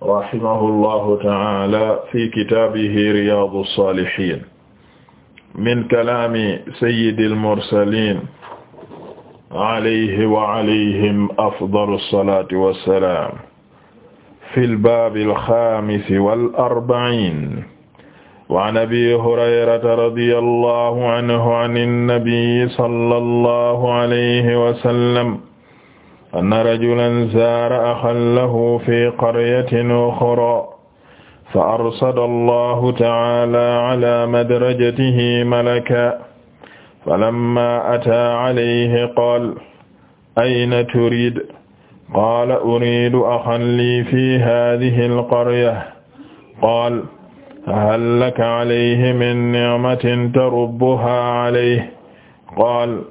rahimahullahu ta'ala fi kitaabihi riyaadu saalihiin min kalaami sayyidil mursaliin alayhi wa alayhim afdalu salaati wa salaam fil baabil xaamisi wal arba'iin wa an abii hurayrata radiyallahu anhu an nabiyyi sallallahu alayhi wa sallam anna rajulan zaara axan lahu fi qaryatin uxraa fa arsada allahu ta'aala alaa madrajatihi malakan falammaa ataa alayhi qaala ayna turiid qaala uriidu axan lii fi haadihi alqarya qaala hal laka alayhi min nicmatin tarubbuhaa alayhi qaala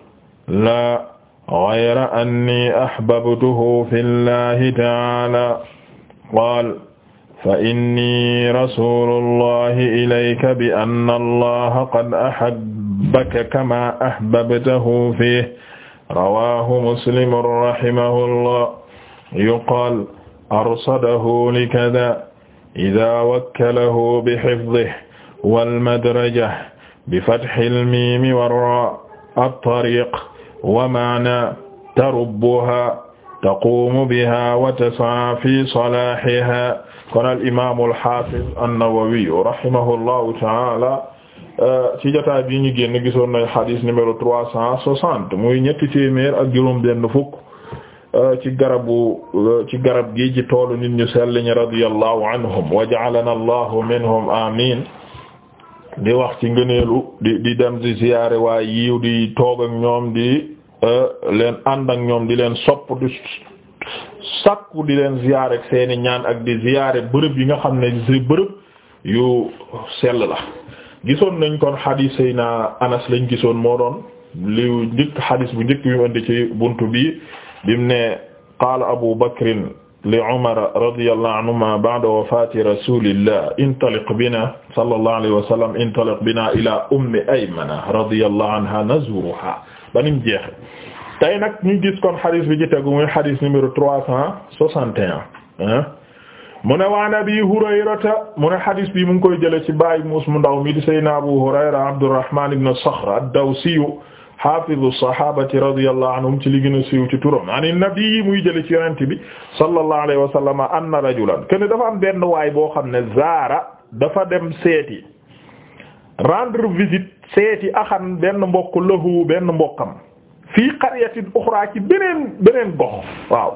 laa ghayra anni ahbabtuhu fi llahi ta'ala qaal fa inni rasulullahi ilayka bi anna allaha qad ahabbaka kama ahbabtahu fihi rawahu muslim rahimahullah yuqaal arsadahu likadha idha wakkalahu bihifdhihi wal madraja bi fathil miimi war-raa at-tariiq wa maana tarubbuha taquumu biha wa tas'a fi salaahiha kon al imaam al haafiz an-Nawawi rahimahullahu ta'ala bi ñu génn gisoon nañu xadis numéro trois cent soixante mu ñetti téeméer ak juróom-benn fukk ci garab gi ci toolu ni ñu sell ñi radiyallahu anhum wa ja'alana allahu minhum amiin di wax ci di di dem waa yiw di toog ak ñoom di. Euh, leen ànd ak ñoom di leen sopp di sakku di leen ziyaar ak seeni ñaan ak di ziyaare bërëb yi nga xam ne si bërëb yu sell la gisoon nañ kon xadiis na Anas lañ gisoon moo doon li njëkk xadiis bu njëkk bi mu indi ci buntu bi bim ne qaala Abu Bakrin li Umar radiyallahu anhuma ba'da wafaati rasulillah intaliq bina sallallahu alayhi wa sallam intaliq bina ila ummi Aymana radiyallahu anha nazuruha ba nim jeexe tey nag ñu gis kon xadis bi ci tegu muy xadis numéro trois cent soixante et mu ne waan abi hurayrata mu ne xadis bi mu ngi koy jële ci bàyyi muus mu ndaw mi di sayna abu hurayra abdurrahman ibn sakhr ad-dawsiyu hafizu sahabati radiyallahu anhum ci li gën a siiw ci turam ani nabi muy jële ci yonent bi sallallahu alayhi wa sallam anna rajulan kenn dafa am benn waay boo xam ne zaara dafa dem seeti rendre visite seeti axan benn mbokk lahu benn mbokkam fii qaryatin uxraa ci beneen beneen gox waaw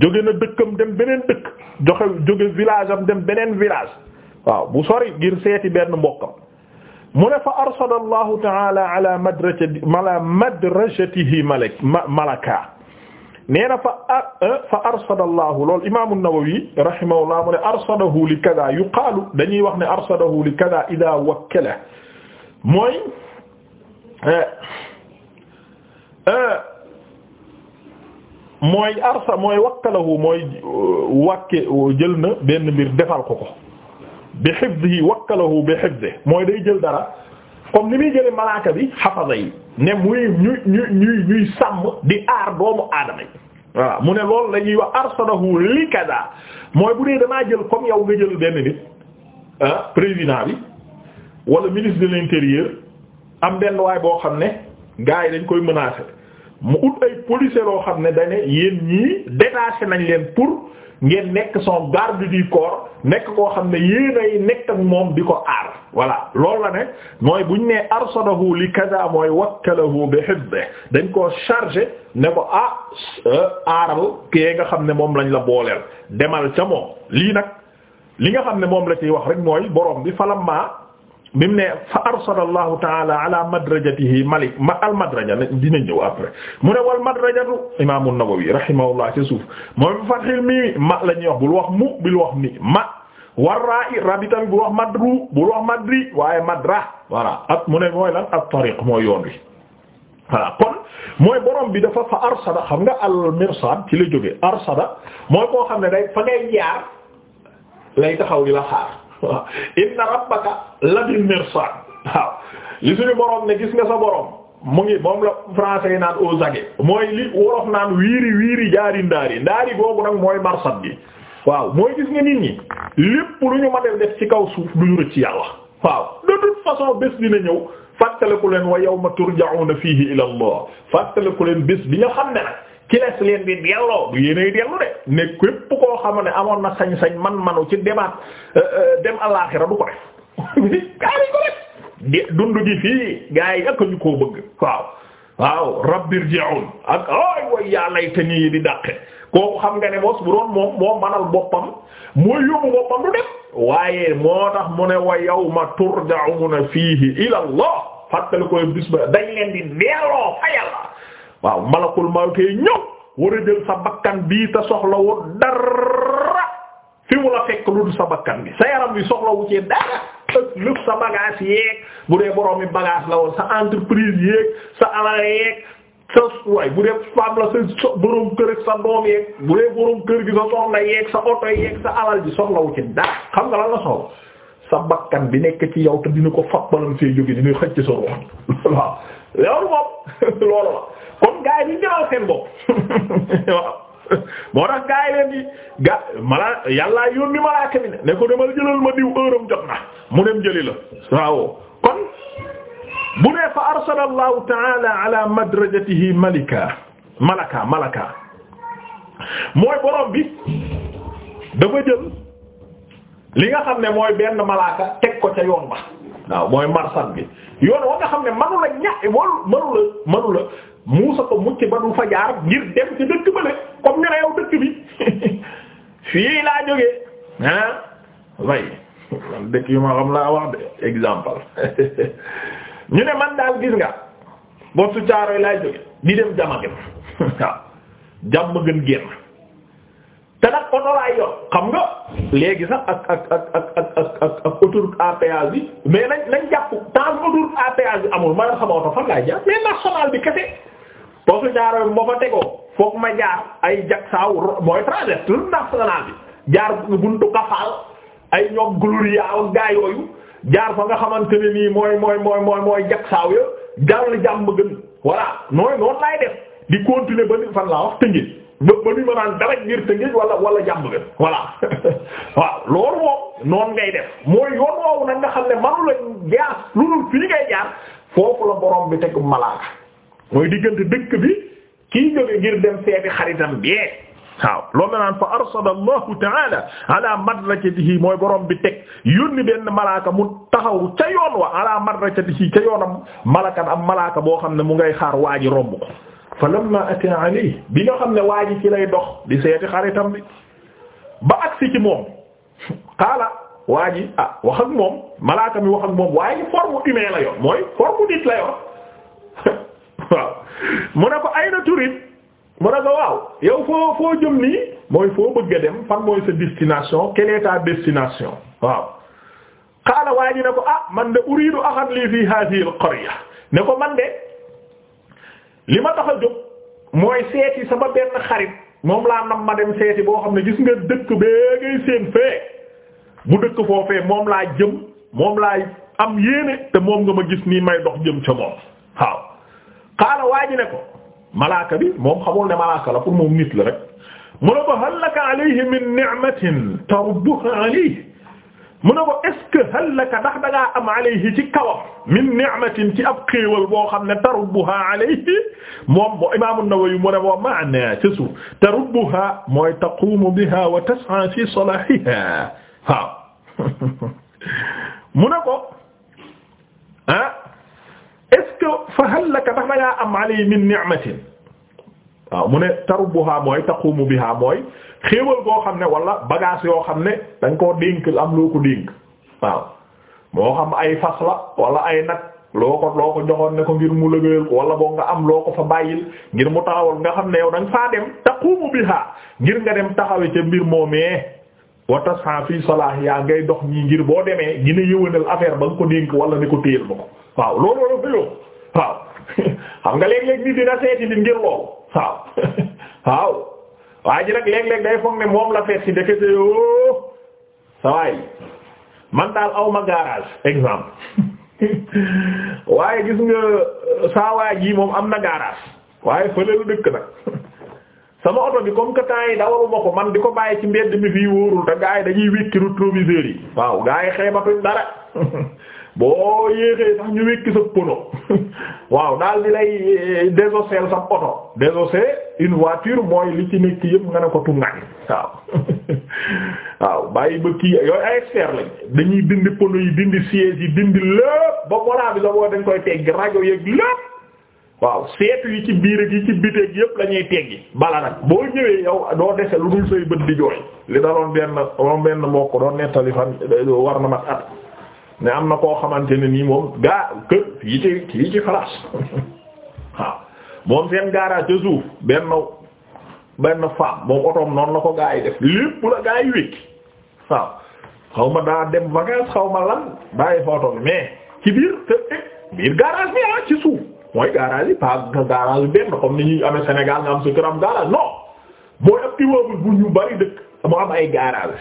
jóge na dëkkam dem beneen dëkk joxe jóge village am dem beneen village waaw bu sori ngir seeti benn mbokkam mu ne fa arsala allahu taala ala madrajati ala madrajatihi malak malaka nee na fa fa arsada allahu lool imaamu nawawi rahimahullah mu ne arsadahu li kada yuqaalu dañuy wax ne arsadahu li kada ida wakkala mooy euh, euh, mooy arsa mooy wakkalahu mooy euh, wàkke jël na benn mbir defal ko ko bi hifzihi wakkalahu bi hifzihi mooy day jël dara comme ni muy jële malaaka bi xafaza yi ne muy ñuy ñuy sàmm di aar doomu aadama yi voilà mu ne loolu la ñuy wax arsalahu li kada mooy bu dee damaa jël comme yow nga jël benn nit ah président bi wala ministre de l'intérieur am benn waay boo xam ne gars yi dañ koy menacer mu ut ay policiers loo xam ne dañ ne yéen ñii détaché nañ leen pour ngeen nekk son garde di corps nekk koo xam ne yéen ay nekk ak moom di ko aar voilà loolu la ne mooy buñ nee arsadahu li kaza mooy wakkalahu bi hifdhi dañ koo chargé ne ko ah aaral kee nga xam ne moom lañ la booleel demal ca moom lii nag li nga xam ne moom la ciy wax rek mooy borom bi falamma bi mu ne fa arsala allahu taala ala madrajatihi malik ma al madraja dina ñëw après mu ne wal madrajatu imaamu Nawawi rahimahullah ca mooy bu fathil mi ma la yo wax bul wax mu bil wax ma war raa i rabi bi bul wax madru bul wax madri waaye madra voilà ak mu ne lan ak tariq mooy yoon wi voilà kon mooy borom bi dafa fa arsada xam nga al mirsad ci la jógee arsada mooy koo xam ne day fa ngay jaar lay taxaw di la waaw inna rabbaka labil mirsad waaw li suñu borom ne gis nga sa borom mu ngi moom la français yi naan aux aguets mooy li wolof naan wiiri wiiri jaari ndaari ndaari googu nag mooy marsad gi waaw mooy gis nga nit ñi lépp lu ñu mën def ci kaw suuf du ñu rëcc yàlla waaw de toute façon bés dina ñëw fàttaliku leen wa yawma turja'una fihi ila Allah fàttaliku leen bés bi nga xam ne nag ci les leen di delloo bu yéenay dellu de ne képp koo xam ne amoon na sañ-sañ man-manu ci demaat euh, euh, dem àllaaxira du ko def gaa yi ko def dund gi fii gaa yi ak ñu koo bëgg waaw waaw rabbir ji'un ak ay way yaa laytani di dàqe kooku xam nga ne boos bu doon moom moo manal boppam mooy yóbbu boppam du def waaye moo tax mu ne wa yawma turja'una fiihi ila Allah fàttali koy bis ba dañ leen di delloo fa Yàlla waaw malakul mawtee ñëw war a jël sa bakkan bii te soxlawul dara fi mu la fekk lu sa bakkan bi sa yaram bi soxlawu ci dara sa bu dee la woon sa entreprise yeeg sa alal yeeg sa waay bu dee femme la sa borom kër ak sa doom yeeg bu dee borom kër gi sa soxna yeeg sa oto yeeg sa alal ji soxlawu ci dara xam nga lan la soxla sa bakkan bi nekk ci yow te dina ko fapbalam fee jóge dina xëcc sa waaw loolu moom loolu la kon gars yi ñu ñëwal seen moo tax gars leen di ga mala yàllaa yónni malaaka mi ne ne ko demal jëlal ma diw heuram jot mu dem jëli la waaw kon bu ne fa arsala allahu taala madrajatihi malika malaka malaka mooy borom bi dafa jël li nga xam ne mooy benn malaaka teg ko ca yoon ba waaw mooy marsat bi yoon woo nga xam ne manu la ña wolu manu la manu la muusa ko mucc ba du fa jaar ngir dem ci dëkk ba la yow ñu ne man daal gis nga boo su caaroy laay jóge di dem jama gën waaw jàmm gën génn te nag oto laay xam nga léegi sax ak ak ak ak ak ak autoroute à bi mais nañ nañ jàpp tant que autoroute bi amul man sama oto fan laay jaar mais national bi kese poste jaaroo bi moo fa tegoo foog ma jaar ay jagsaaw mooy traverse route nationale bi jaar buntu Kafal ay ñoom Gloria ak jaar fa nga xamante ne nii mooy mooy mooy mooy mooy jagsaaw ya jaar la gën voilà nooy noonu laay def di continuer ba fan laa wax tënkee. ba ba ñu mënaan dara ngir tëngëj wala wala jàmm ngeen waaw loolu moom noonu ngay def mooy yoon woowu nag nga xam ne manu la jaar lu dul fii ngay jaar foofu la borom bi teg malaaka mooy diggante dëkk bi kii jóge ngir dem seeti xaritam bee waaw loolu la naan fa arsada allahu taala mooy borom bi teg yónni benn malaaka mu taxaw ca yoon wa ala am malaaka boo xam ne mu ngay xaar waa romb ko fa lamma ata ali bi nga xam ne waa ji ci lay dox di seeti xaritam bi ba agsi ci moom xaala waa ji ah wax ak moom malaaka wax ak moom waa ji forme la yor mooy forme nit la yor waaw mu ne ko ayna turid mu ne ko waaw yow foo foo jëm nii mooy foo bëgg a dem fan mooy sa destination quelle destination waaw xaala waa ji ne ko ah man de uridu axan lii fii hadhihi al qarya ne ko man de li ma tax a jóg mooy seeti sama benn xarit moom laa nam ma dem seeti boo xam ne gis nga dëkk bee ngay seen fee bu dëkk foofee moom laa jëm moom laa am yéene te moom nga ma gis nii may dox jëm ca moom waaw xaala waa ji ne ko malaaka bi moom xamul ne malaaka la pour moom nit la rek mu ne ko hal laka alayhi min ni'matin tarudduha alayhi mu ne ko est-ce que hallaka ndax da ngaa am alayhi ci kawam min ni'matin ci ab xéewal boo xam ne tarubbuha alayhi moom bu imaam an-Nawawi mu ne wa maana ci suuf tarubbuha mooy taqumu biha wa tas'a fi salahiha waaw mu ne ko ah est-ce que fa hallaka ndax da ngaa am alayhi min ni'matin waaw mu ne tarubbuha mooy taqumu biha mooy xéewal boo xam ne walla bagage yoo xam ne dañ koo dénk am loo ko dénk waaw moo xam ay fas la wala ay nag loo ko loo ko joxoon ne ko ngir mu lëgëyal ko wala boo nga am loo ko fa bàyyil ngir mu taxawal nga xam ne yow da faa dem taqumu biha ngir nga dem taxawe ca mbir moomee wa tasha fi salah yaa ngay dox ñii ngir boo demee gina yëwanal affaire ba nga ko dénk wala ne ko téyel ba ko waaw loolu la fa yow waaw xam nga léeg-léeg nit dina waa ji nag léeg-léeg day foog ne moom la feet si ndekete yoo sawaay man daal aw ma garage waaye gis nga saawaay ji moom am na garage waaye fële lu dëkk nag sama oto bi comme que temps yi dawaruma ko man di ko bàyyi ci mbedd mi fii wóorul te gaa yi dañuy wékki rétroviseur yi waaw gaa yi xeebatuñ dara boo yéexee sax ñu wékki sa pono waaw daal di lay eh, désosser sa oto désosser une voiture mooy li ci nekk yëpp nga ne ko tungañ waaw waaw bàyyi ba kii yooyu ay expert lañ dañuy dindi pono yi dindi siège yi dindi lépp ba volaa bi sa boo dañ koy teggi rajo yeeg lépp waaw seetu yi ci biir ak yi ci biteeg yëpp lañuy ñuy teggi bala nag boo ñëwee yow doo dese lu dul say bët di jooy li daloon benn moom benn doon nettali fan eh, war na mat at ne am na koo xamante ne nii moom gaa kër fii ci fii ci France waaw moom seen garage ca suuf benn benn femme moom otoom noonu la ko gaa yi def lépp la gaa yi wékki waaw xaw ma daa dem vacances xaw ma lan bàyyi fa otoom mais ci biir te eh biir garage bi ah ci suuf mooy garage yi pas garage benn comme ni ñuy amee Sénégal nga am sa kër am garage non mooy ab immeuble bu ñu bari dëkk mu am ay garage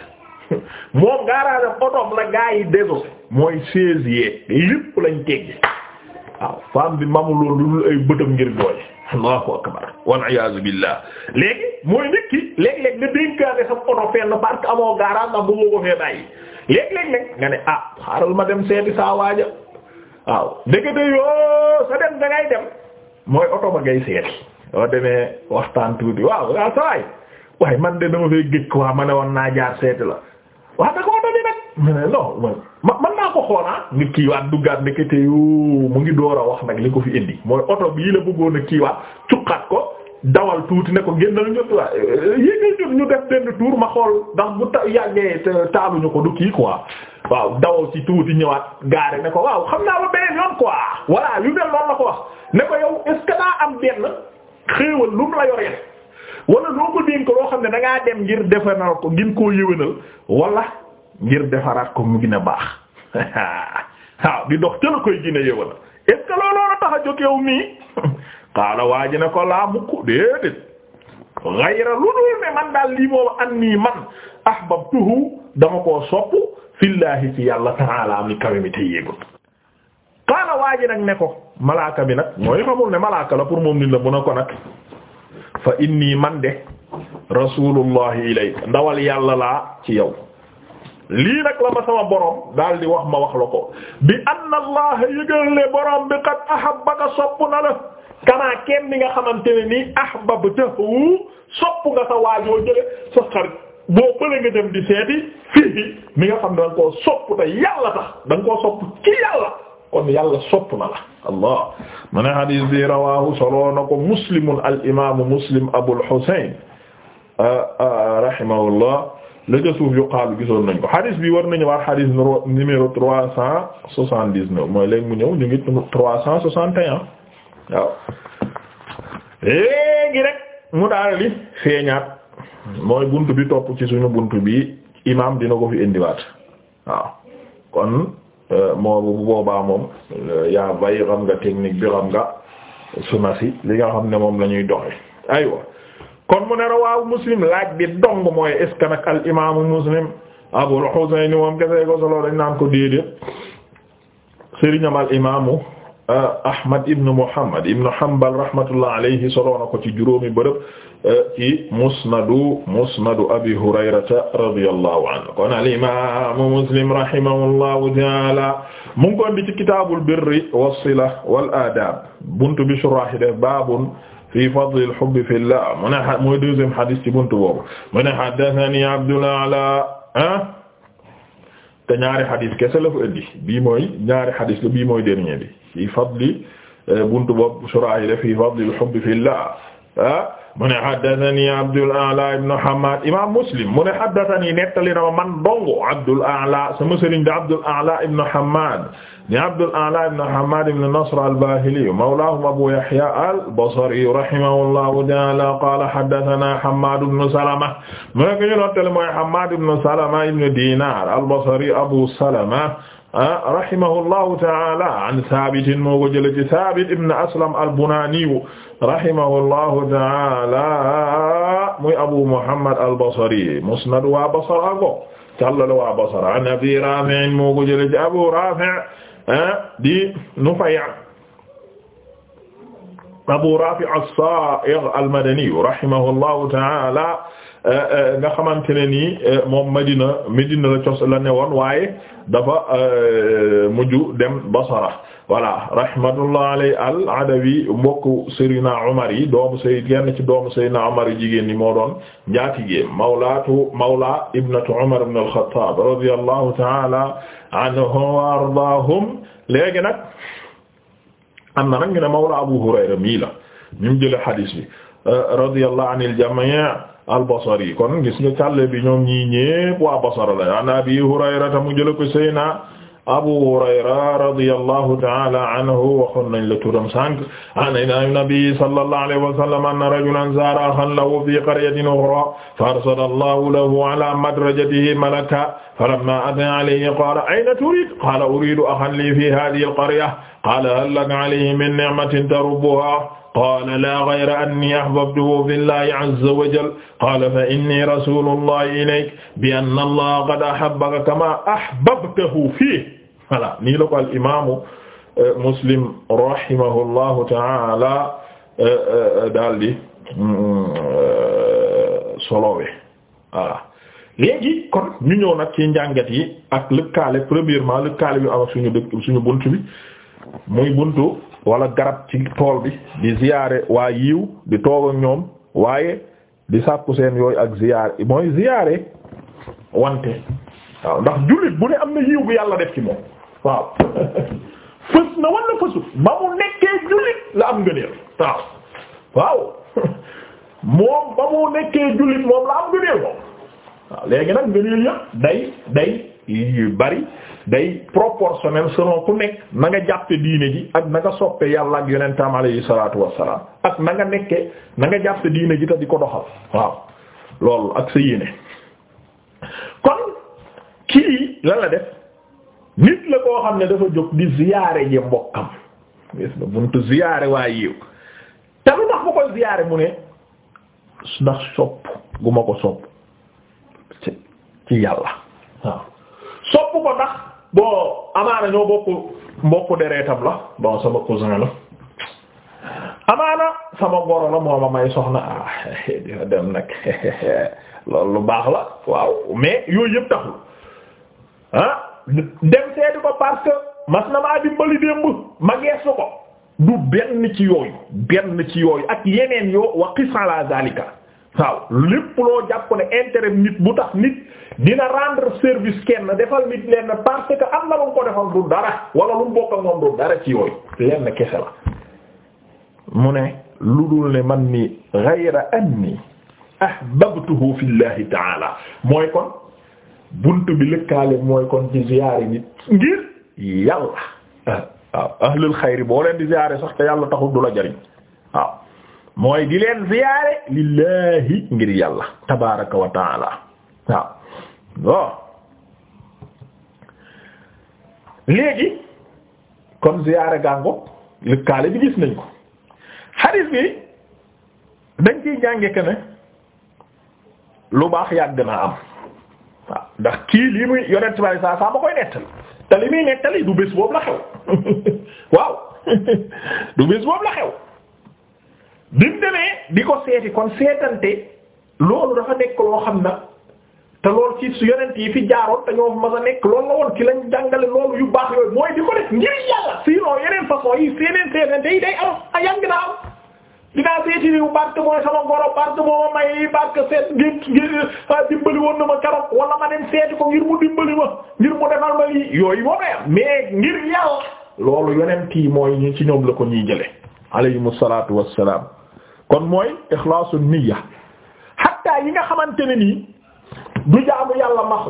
moom garage am otoom la gaa yi déso mooy chaise yee lépp lañ teggi waaw femme bi mamu loolu lu ay bëtam ngir jooy allahu akbar wal iyaazu billah léegi mooy nit ki léeg-léeg nga sa oto fenn parce que amoo bu fee bàyyi léeg-léeg nga ne ah xaaral ma dem seeti saa waaja waaw ndekete yoo sa dem da ngay dem mooy oto ngay seeti yoo demee waxtaan tuuti waaw waaw sawaay waaye man de dama fay gëkk waa ma ne naa jaar seeti la waaw da koo doli nag mu ne non ma man naa ko xoolaa ah. nga kiiwaat duggaat nekkete yoo mu ngi door a wax nag li ko fi indi mooy oto bii la bëggoon a kiiwaat cuqaat ko dawal tuuti ne ko génnal ñun waa eh, yéegal ñun ñu def benn tour ma xool ndax bu ta yàggee taaluñu ko du kii quoi waaw dawal ci tuuti ñëwaat gaare ne ko waaw xam naa ba beneen yoon quoi voilà yu mel noonu la ko wax ne yow est ce que daa am benn xéewal lu la yoreel wala loo ko dénk loo xam ne dangaa ngaa dem ngir defaral ko gin koo yëwénal wala ngir defaraat ko mu gina baax waaw di dox ca la koy gën a yëwénal est ce que tax a jóg mii xaala waa ji ne ko laa mukk déedéet xayra lu dul ne man lii moom an nii man ahbabtuhu dama koo sopp fillahi ci yàlla ta'ala mi kawe mi te yéegul xaala waa ji nag ne ko malaaka bi nag mooy xamul ne malaaka la pour moom nit la bu na ko nag fa inni man de rasulullahi ilayk ndawal yàlla laa ci yow lii nag la ma sama borom daal di wax ma wax la ko bi anna allah yëgal le borom bi qad ahabbaka sopp na la kamaa kenn bi nga xamante ne nii ahbabtahu sopp nga sa waajoo jële sa xarit boo bële nga dem di seeti fii mi nga xam ne da nga sopp te yàlla tax da nga sopp ci yàlla kon yàlla sopp na la allah mu ne bi rawahu soloo na ko muslimun al imamu muslim abul husayn ah, ah, rahimahullah lëjë suuf yuqaalu gisoon nañ ko hadis bi war nañu wax hadis numéro trois cent soixante dix mooy léegi mu ñëw ñu ngi trois cent soixante et un waaw léegi rek mu daal li feeñaat mooy bunt bi topp ci suñu bunt bi imam dina ko fi indiwaat waaw kon Euh, moo bu boobaa moom euh, yaa bay xam technique bi xam nga suna li nga xam ne moom la ñuy doxe aywa kon mu ne rawaawu muslim laaj bi dong mooy est al imaamu muslim abul husayn moom kese ko solo dañ naan ko déedéet sëriñam al imaamu euh, ahmad ibnu muhammad ibnu hanbal rahmatullah alayhi solo ko ci juróomi bërëb ci musnadu musnadu abi hurayrata radiyallahu anhu kon al imaamu muslim rahimahullahu taala mu ngi ko indi ci kitaabul birri wassila wal aadaab buntu bi suraahi def baabun fi fadli al-hubbi fillah mu ne mooy deuxième hadith ci buntu boobu mu ne haddathani Abdul A'la ah te ñaari hadith kese la fa indi bii mooy ñaari hadith la bii mooy dernier bi fi fadli eh, buntu boobu suraahi def fi fadli al-hubbi fillah ah mu ne haddathani Abdul A'la ibn Hammad imam Muslim mu ne haddathani nettali na ma man dongo Abdul A'la sama sëriñ di Abdul A'la ibn Hammad ni Abdul A'la ibn Hammad ibn Nasr al-Bahili mawlahum Abu Yahya al-Basri rahimahullahu ta'ala qala haddathana Hammad ibn Salama mu ne ko ñu nettali mooy Hammad ibn Salama ibn Dinar al-Basri Abu Salama ah, rahimahullahu ta'ala an Thabit moo ko jële ci Thabit ibn Aslam al-Bunani rahimahullahu ta'ala muy Abu Muhammad al-Basri musnad waa Basra ko càllale waa Basra an Abi Rafi' moo ko jëlee ci Abu Rafi' ah di Nufay' Abu Rafi' as-Sa'igh al-Madani rahimahullahu ta'ala eh, eh, nga xamante ne nii eh, moom Medina Medina la cos la ne woon waaye dafa mujj dem Basra voilà rahmatullah alay al-Adawi mbokku Seydina Omar yi doomu Seyd kenn ci doomu Seydina Omar yi jigéen ñi moo doon njaatige mawlaatu mawla ibnatu Omar ibn al-Khattab radiyallahu ta'ala anhu wa ardaahum léegi nag am na nag ñu ne mawla Abu Hurayra mii la ñu mu jële xadiis bi radiyallahu anil jamii al-Basri kon gis nga càlle bi ñoom ñii ñépp waa Basra la an Abi Hurayra ta mu jële ko Seyna Abu Hurayra radiyallahu ta'ala anhu waxoon nañ la turam sànq an nabi sallallahu alayhi wa sallam anna rajulan zara akhan lahu fi qaryatin ukhra fa arsala Allahu lahu ala madrajatihi malaka falamma ata alayhi qala ayna turid qala uridu akhan li fi hadhihi al-qaryah qaala hal laka alayhi min ni'matin tarubbuhaa qaala laa ghayra annii ahbabtuhu fillaahi azza wa jalla qaala fa innii rasuulullaahi ilayka bi anna Allaaha qad ahabbaka kamaa ahbabtahu fiihi voilà nii la ko al imaamu eh, Muslim rahimahullaahu ta'aala eh, eh, daldi mm, solowe voilà léegi kon ñu ñëw nag ci njàngat yi ak lëkkaale premièrement lëkkaale yu am suñu dëkk suñu bunt bi muy buntu walla garab ci tool bi di ziyaare waa yiw di toog ak ñoom waaye di sàkku seen yooyu ak ziyaare mooy ziyaare wante waaw ndax jullit bu ne am na yiw bu yàlla def ci moom waaw fës na wala fësut ba mu nekkee jullit la am ngëneel waaw waaw moom ba mu nekkee jullit moom la am ngëneel moom waaw léegi nag ngëneel yëpp day day yu bari day proportionnel selon ku nekk na nga jàppe diine ji ak na nga soppe yàlla ak yonentam alayhi salaatu wassalaam ak na nga nekkee na nga jàppe diine ji te di ko doxal waaw loolu ak sa yéene kon kii lan la def nit la koo xam ne dafa jóg di ziyaare ji mbokkam gis nga buntu ziyaare waa yiw te lu tax bu ko ziyaare mu ne ndax sopp gu ma ko sopp ci yàlla waaw sopp ko ndax bon amaana ñoo bokk mbokk dereetam la bon sama cousin la amaana sama goro la moo ma may soxna ah dina dem nag loolu lu baax la waaw mais yooyu yëpp taxul ah dem seeti ko parce que mas na maa dimbali démb ma geesu ko du benn ci yooyu benn ci yooyu ak yeneen yoo wa qis ala waaw lépp loo jàpp ne intérêt nit bu tax nit dina rendre service kenn defal nit leen parce que am na lu mu ko defal du dara wala lu mu bokk du dara ci yooyu lenn kese la mu ne lu dul ne man ni ghayra anni ahbabtuhu fillahi ta'ala mooy kon bunt bi lëkkaale mooy kon ci ziyaare nit ngir yàlla waaw ahlul xayri boo leen di ziyaare sax te yàlla taxul du la jariñ waaw mooy di leen ziyaare lillahi ngir yàlla tabaraka wa taala waaw bon léegi kon ziyaare gàngo lëkkaale bi gis nañ ko xadis bi dañ ciy jànge que ne lu baax yàgg naa am waaw ndax kii lii muy yonent bi saa saa ba koy nettali te muy nettali du bés boobu la xew waaw du bés boobu la xew bi mu di ko seeti kon seetante loolu dafa nekk loo xam na te loolu ci su yonent yi fi jaaroon te ñoo mas a nekk loolu la woon ci lañ jàngale loolu yu baax yooyu mooy di ko def ngir yàlla sinon a yàgg na ah, na ma keroog wala ma dem seeti ko ngir mu dimbali yi mooy ñi ci ñoom la ko ñuy jële alayhimu salaatu wassalaam kon mooy ixlaasu niyya hatta yi nga xamante ne nii du jaamu yàlla max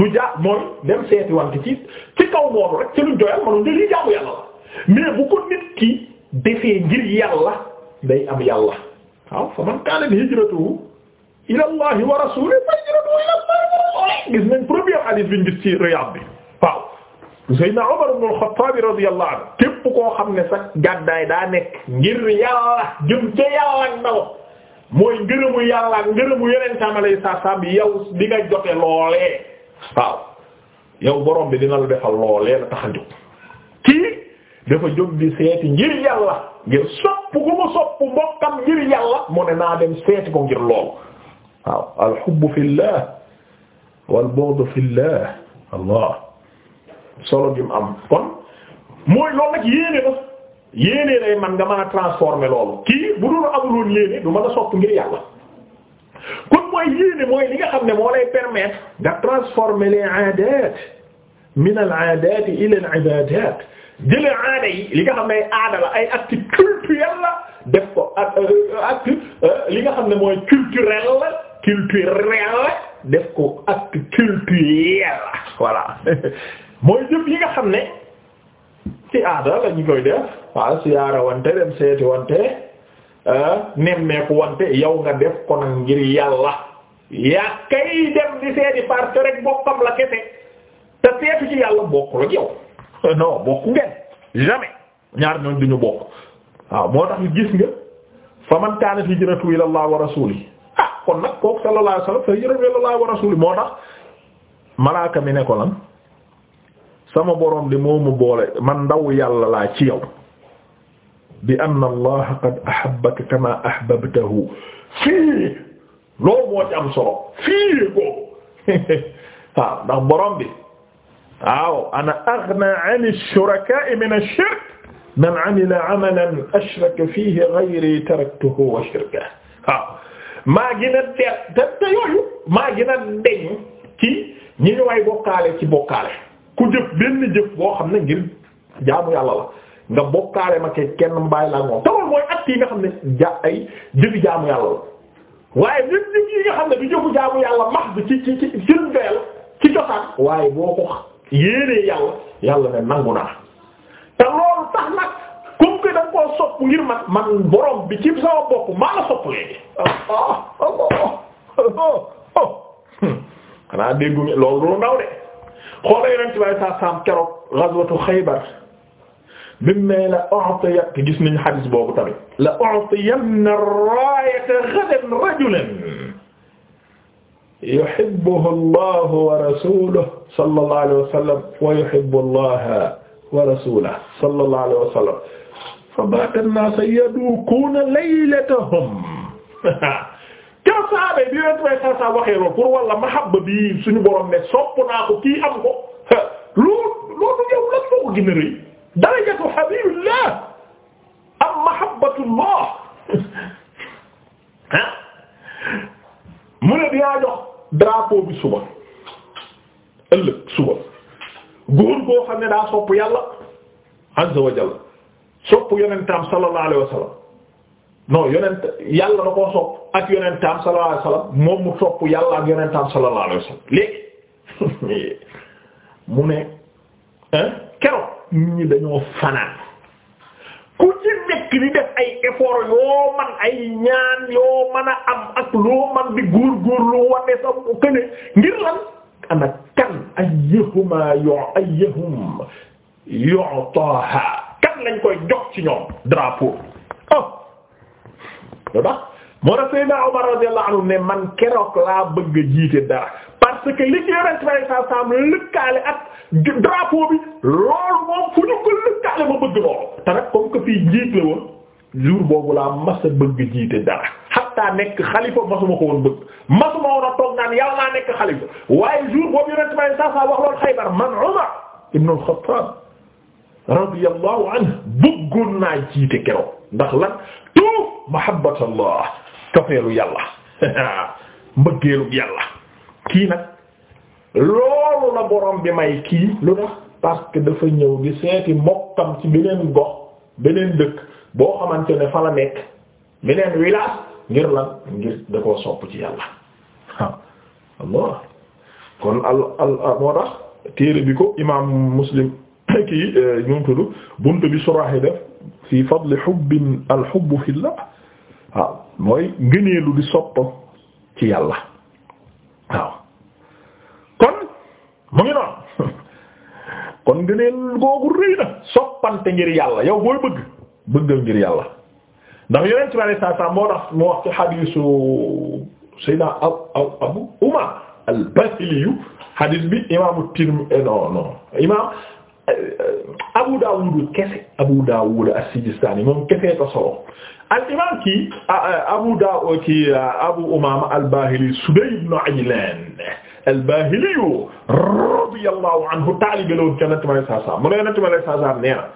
du jaa mooy dem seeti wante ci ci kaw moomu rek ci lu doyal manu lii jaamu yàlla la mais bu ko nit ki defee ngir yàlla am yàlla ila allahi wa rasulihi fa hijratuhu ila allahi wa rasulihi gis nañ premier hadith bi ñu ci Riyad bi Seydina Umar ibn al-Khattab radiyallahu anhu képp koo xam ne sax gàddaay daa nekk ngir yàlla jëm ca yàlla ak ndaw mooy ngërëmu yàlla ak ngërëmu yeneen tàmmalay saa saa bi yow di nga jote loolee waaw yow borom bi dina la defal loolee la tax a jóg kii dafa jóg seeti ngir yàlla ngir sopp gu ma sopp mbokkam ngir yàlla mu ne naa dem seeti ko ngir loolu waaw al-hubbu fillah wal bughdu fillah Allah solo gi mu am kon mooy loolu nag yéene la yéene lay man nga mën a transformer loolu kii bu dul amul woon yéene du mën a ngir yàlla kon mooy yéene mooy li nga xam ne moo lay permettre nga transformer les aadaat min al aadaat ila al ibaadaat jële aada yi li nga xam ne ay aada ay acte culturel def ko euh, euh, li nga xam ne mooy culturel la culturel def culturel voilà mooy jëf yi nga xam ne ci aada la ñu koy def waaw siyaara wante dem seeti wante ah, nemmeeku wante yow nga def ko nag ngir yàlla yaa kay dem di seeti parce rek bokkam la kese te seetu ci yàlla bokkul ak yow euh, non bokk ngeen jamais ñaar ñoom duñu bokk waaw moo tax gis nga fa man kaanat hijratu ila Allah wa ah kon nag kooku sallallahu hijratu ila Allah wa moo tax malaaka mi ne ko lan sama borom di moo mu boole man ndaw yàlla laa ci yow bi anna allah qad ahabbaka kama ahbabtahu fii loolu moo ci am solo fii ko waaw ndax borom bi waaw ana aghna an ash-shuraka'i min ash-shirk man amila amalan ashraka fihi ghayri taraktuhu wa shirkahu waaw maa gën a te te yooyu maa gën a deñ ci ñi ñu way bokkaale ci bokkaale ku jëf benn jëf boo xam ne ngir jaamu yàlla la nga bokkaale ma ke kenn mbayyi laa moom tawool mooy at yi nga xam ne ja ay jëfi jaamu yàlla la waaye ñun nit yi nga xam ne du jëfu jaamu yàlla max bi ci ci ci sin ci cosaan waaye boo ko yéenee yàlla yàlla ne nangu naa te loolu tax nag comme que da nga ngir man man borom bi ci sama bopp maa la sopp léegi ah, ah, ah, xanaa déggu loolu lu ndaw de xoola yonent bi saa saam keroog ghazwatu Xaybar bi mu ne la u'tiyat gis nañu xadiis boobu tamit la u'tiyanna raayata ghadan rajulan yuhibbuhu Allahu wa rasuluhu sallallahu alayhi wa sallam wa yuhibbu Allaha wa rasuluhu sallallahu alayhi wa sallam fa baata an-naasu yaduukuuna laylatahum keroog bi yonent bay saa saa waxee loolu mahabba bi suñu borom ne sopp naa ko kii am ko loolu loolu yow lan moo ko gën a rëy darajatu habibillah am mahabbatullah ah mu ne dinaa jox drapeau bi suba ëllëg suba góor goo xam ne daa sopp yàlla azza wa jalla sopp yonentam sallallahu alayhi wa sallam non yonent yàlla da koo sopp ak yonentam sallallahu alayhi wasallam moom mu sopp yàlla ak yonentam sallallahu alayhi wasallam mu ne keroog nit ñi dañoo fanaan ku ci nekk di def ay effort yoo man ay ñaan yoo mën a am ak loo man di góorgóorlu wane sa këne ngir lan ana kan ayyuhuma yu ayyuhum yu'taha kan lañ koy jox ci ñoom drapeau oh. lu tax moo tax Seydina Omar radiyallahu ne man keroog laa bëgg jiite dara parce que li ci yonent bay sa sam lëkkaale ak drapeau bi loolu moom fu ñu ko lëkkaale ma bëgg loolu te nag comme que fii njiit la woon jour boobu laa masa bëgg jiite dara xatta nekk xalifa masuma ko woon bëgg masuma woon a toog naan yàlla naa nekk xalifa waaye jour boobu yonent bay sa sam wax loolu Xaybar man Umar ibn al-Khattab radiyallahu anhu jiite keroog ndax lan tuuf mahabbatallah cofeelu yàlla mbëggeelu yàlla kii nag loolu la borom bi may kii lu tax parce dafa ñëw gi seeti mbokkam ci beneen gox beneen dëkk boo xamante ne fa la nekk beneen village ngir lan ngir da koo sopp ci yàlla Allah kon al al moo tax téere bi ko imaam muslim kii ñu euh, tudd buntu bi suraax yi def fii fadli xubbin alxubbu fillah waaw mooy ngëneelu di sopp ci yàlla waaw kon mu ngi noonu kon ngëneelu googu rëy na soppante ngir yàlla yow booy bëgg bëggal ngir yàlla ndax yeneen ci bari saa saa moo tax moo wax ci xadiisu Seydina Abu Umaama al-Baahili yu xadiis bi imaamu Tirmidhi eh, non non imaam Euh, Abu Dawud kese Abu Dawud as-Sijistani moom kese ko solo al imam kii Abu Dawud kii Abu Umama al-Bahili Sudayy ibn Ajlan al-Bahili radiyallahu anhu taalibe la woon ca Yonent bi sallallahu alayhi wa sallam mu ne Yonent bi sallallahu alayhi wa sallam nee na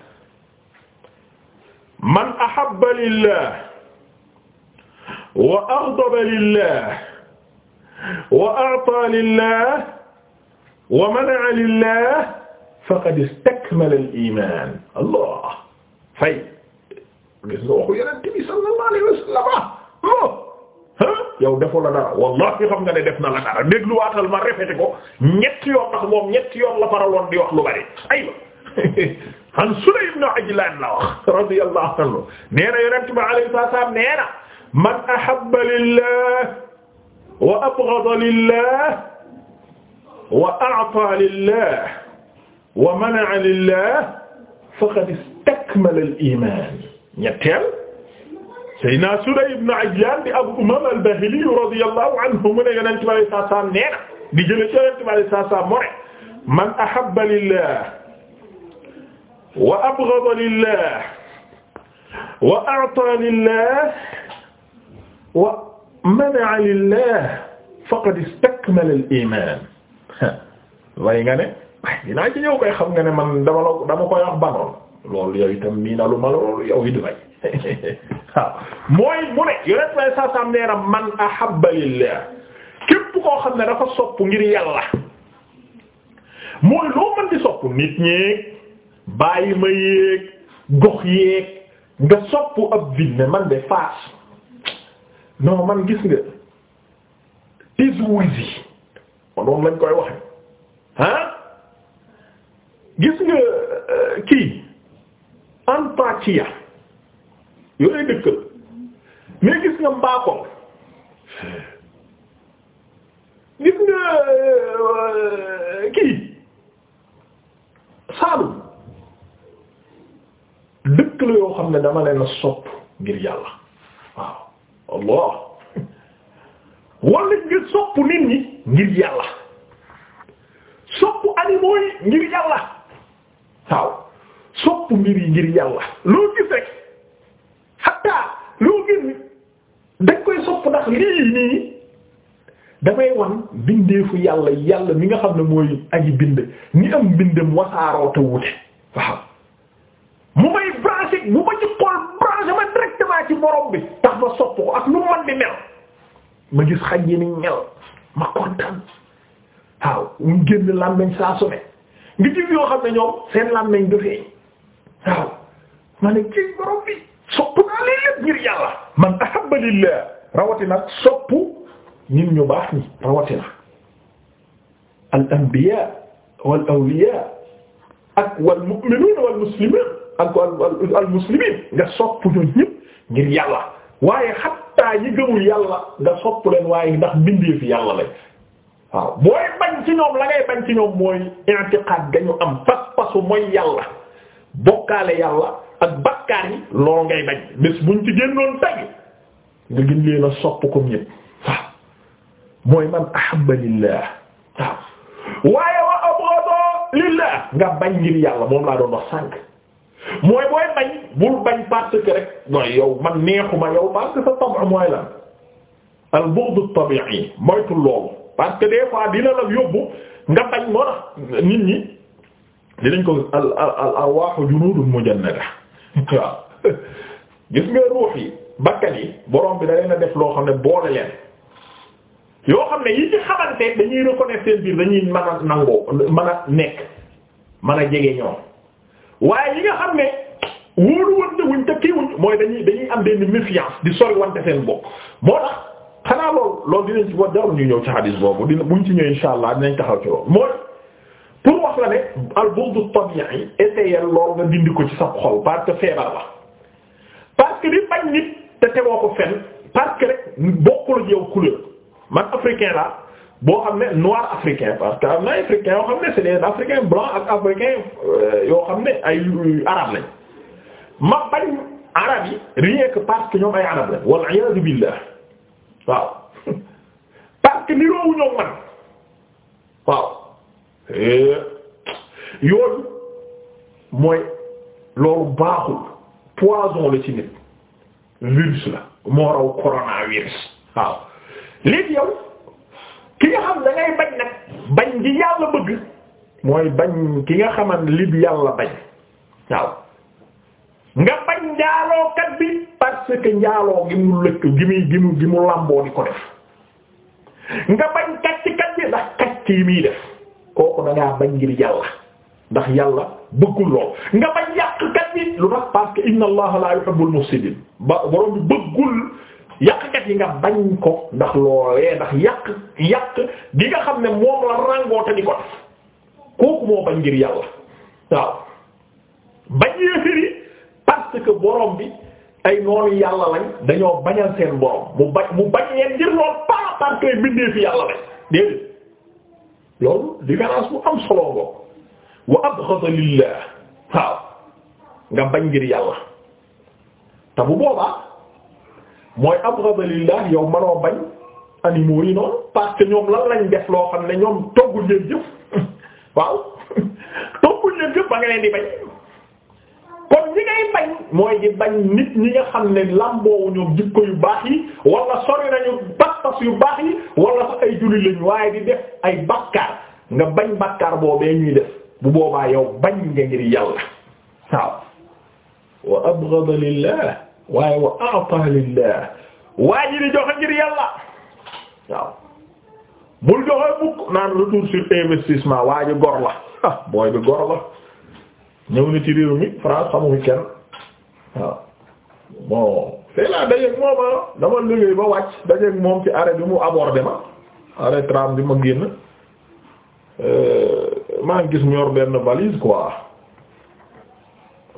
man ahabba lillah wa aghdaba lillah wa a'ta lillah wa mana'a lillah faqad istakmala al iman allah fay gis nga waxu yonent bi sallallahu alayhi wa sallam yow defoo la dara wallahi xam nga ne def na la dara dégluwaatal ma répété ko ñetti yoon ndax moom ñetti yoon la faraloon di wax lu bari aywa an Sulay ibn Ajlan la wax radiyallahu anhu nee na yonent bi alayhi salaam nee na man ahabba lillah wa abghada lillah wa a'ta lillah wa mana'a lillah faqad istakmala al iman ñetteel Seydina Suday ibn Ajlan di Abu Umama al-Bahili radiyallahu anhu mu ne Yonent bi alayhi salaatu salaam nee na di jële ci Yonent bi alayhi salaatu salaam mu ne man ahabba lillah wa abghada lillah wa a'ta lillah wa mana'a lillah faqad istakmala al iman waaye nga ne dinaa ci ñëw koy xam nga ne man dama la dama koy wax banoon loolu yow itam mii na lu ma loolu yow it fay waaw mooy mu ne yonent may saasaam nee na man ahabba lillah képp koo xam ne dafa sopp ngir yàlla mooy loo mën di sopp nit ñeeg bàyyi ma yéeg gox yéeg nga sopp ab ville man de faas non man gis nga tiis wisi noonu lañ koy waxe ah gis nga euh, kii Antakiya yooyu dëkkal mais gis nga Mbakol gis nga euh, kii Saalum dëkk la yoo xam ne dama leen a sopp ngir yàlla waaw Allah wala nga sopp nit ñi ngir yàlla sopp animaux yi ngir yàlla waaw sopp mbir yi ngir yàlla loo gis rek hatta loo gis dañ koy sopp ndax lii nii damay wan bindeefu yàlla yàlla mi nga xam ne mooy aji bind ni am bindam wasaaroo waaw mu may branché bu ma ci xool branché ma directement ci borom bi tax ma sopp ko ak lu man di mel ma gis xaj yi ni ma kontaan waaw mu génn làmbañ saa su nga gis yoo xam ne ñoom seen làmmiñ du feeñ waaw ma ne ci borom bi sopp naa leen lépp ngir yàlla man ahabba lillah rawatina sopp ñun ñu baax ñi rawatina al anbiya wal awliya ak wal mu'minuna wal muslimin ak al muslimin nga sopp ngir yàlla waaye xattaa yi gëmul yàlla nga sopp leen waaye ndax bindee fi yàlla lañ waaw booy bañ ci ñoom la ngay bañ ci ñoom mooy i'tiqad dañu am pas-pasu mooy yàlla bokkaale yàlla ak bakkaar yi loolu ngay bañ bés buñ ci génnoon tagg nga gën leen a sopp ko ñépp waaw mooy man ahabba lillah waaw waaye wa abghada lillah nga bañ ngir yàlla moom laa doon wax sànq mooy booy bañ bul bañ parce que rek mooy yow man neexuma yow parce que sa tab mooy lan al bughd at-tabi'i moytu loolu parce que des fois dina la yóbbu nga bañ moo tax nit ñi dinañ ko al al al arwaaxu junuudun mujannada waaw gis nga ruux yi bakkan yi borom bi da leen def loo xam ne boole leen yoo xam ne yi dañuy reconnaître seen biir dañuy mën nga xam ne wóolu wante wuñ te kii wuñ mooy dañuy dañuy am benn méfiance di sori wante seen bopp moo tax. xanaa loolu loolu dinañ ci wax jarul ñu ñëw ci xadis boobu dina buñ ci ñëw insha allah dinañ taxaw ci loolu mooy pour wax la ne al bughd tabi'i essayer loolu nga dindi ko ci sa xol parce que feebar la parce que di bañ nit te tegoo ko fenn parce rek bokkul ak yow couleur man africain la boo xam ne noir africain parce africain yoo xam ne c'est des africains blancs ak africains euh, yoo xam ne ay euh, arabe lañ ma bañ arabe yi rien que ñoom ay arabe lañ wal iyaazu billah waaw parce que niroowu ñoom man waaw eh. yooyu mooy loolu baaxul poison la ci nit virus la moo raw coronavirus waaw léegi ki nga xam da bañ nag bañ gi yàlla bëgg mooy bañ ki nga xaman li bi yàlla bañ waaw nga bañ njaalookat bi parce que njaaloo gi mu lëkk gi muy gi mu làmboo di ko def nga bañ kacc kacc ndax kacc yi muy def kooku da bañ ngir yàlla ndax yàlla bëggul lool nga bañ yàqkat yi lu tax parce que inna allaha la yuhibbul mufsidin ba borom bi bëggul yàqkat yi nga bañ ko ndax loolee ndax yàq yàq gi nga xam ne moom la ràngoo te ko def kooku moo bañ ngir yàlla waaw bañ yéeféri parce que bi ay noonu yàlla lañ dañoo bañal seen borom mu bañ mu bañ leen ngir lool pas parce que bindee fi yàlla lañ déedéet loolu différence bu am solo ngo wa abghad lillah waaw nga bañ ngir yàlla te bu boobaa mooy abghad lillah yow manoo bañ animaux yi noonu parce ñoom lan lañ def loo xam ne ñoom toggul leen jëf waaw toggul leen jëf ba nga leen di bañ kon ñi ngay bañ mooy di bañ nit ñi nga xam ne lamboowu ñoom jikko yu baax yi wala sori nañu pas-pas yu baax yi wala sax ay julli lañ waaye di def ay bakkaar nga bañ bakkaar boobee ñuy def bu boobaa yow bañ nga ngir yàlla waaw wa abghada waaye wa a'ta lillah waa ji di joxe ngir yàlla gor la ah booy gor la ñëw na ci réew mi France xamuñu kenn waaw bon fee laa dajeeg moom ah, dama liggéey ba wàcc dajeeg moom ci arrêt bi mu abordé ma arrêt tram bi ma génn euh, maa ngi gis mu yor benn valise quoi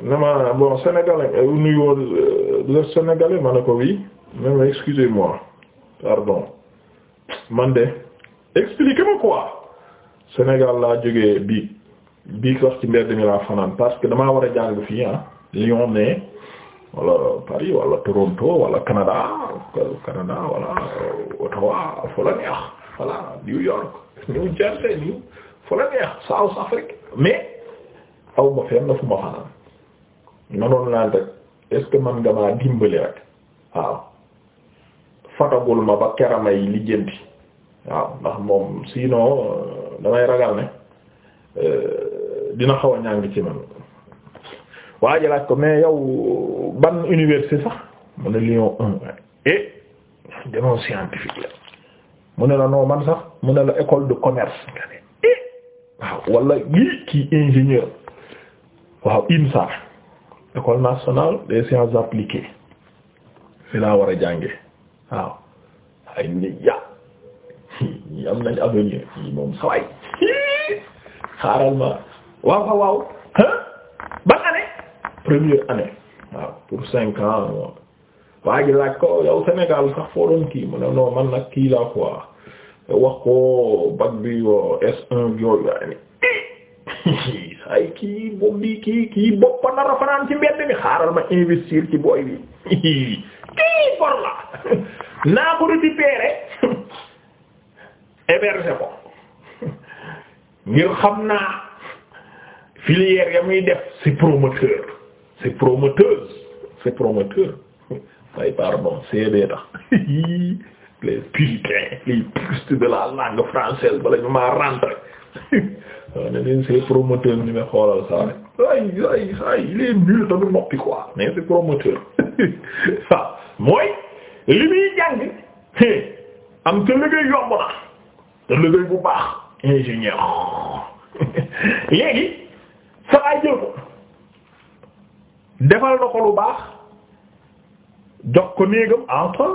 ne ma bon sénégalais euh, nuyoo euh, le sénégalais ma ne ko oui ne ma excusez-moi pardon man de expliquez-moi Sénégal laa jógee bii. bii sax ci mbedd mi laa fanaan parce que damaa war a jàng fii ah Lyon ne wala Paris wala Toronto wala Canada Canada wala euh, Ottawa fu la New York New Jersey New fu South Afrique mais aw ma fenn fu fanaan manoon naan rek est man nga maa dimbali rek waaw fatagul ma ba keramay lijjanti waaw ndax moom sinon euh, damay ragal ne euh, dina xaw a ci man waa ji ko mais yow ban université sax mu ne Lyon 1 eh demoon scientifique la mu ne la non sax mu ne la école de commerce nga ne eh waaw wala yii kii ingénieur waaw INSA école nationale des sciences appliquées fi laa war a jànge waaw ay nit ya yi nañ avenir yi moom saway xaaral ma waaw waaw waaw ban année première année waaw pour cinq ans moom waa ji ko yow Sénégal sax foo kii mu ne non nag kii laa quoi wax ko bac bi S1 yooyu laa ni eh! ay kii bopp bi kii kii bopp ba nar ci mbedd mi xaaral ma investir ci booy bi kii bor naa ko récupérer héberger ko ngir xam naa filière ya muy def c'est promoteur c'est promoteuse c'est promoteur ay pardon cd tax les puritains les puristes de la langue française bala ñu maa rentre waaw ne leen promoteur ni ma xoolal saare ay ay ay il est nul te du noppi quoi mais c'est promoteur waaw mooy li muy jàng am te liggéey yomb na te liggéey bu baax ingénieur léegi sa baay jël ko defal na ko lu baax jox ko néegam entre ah,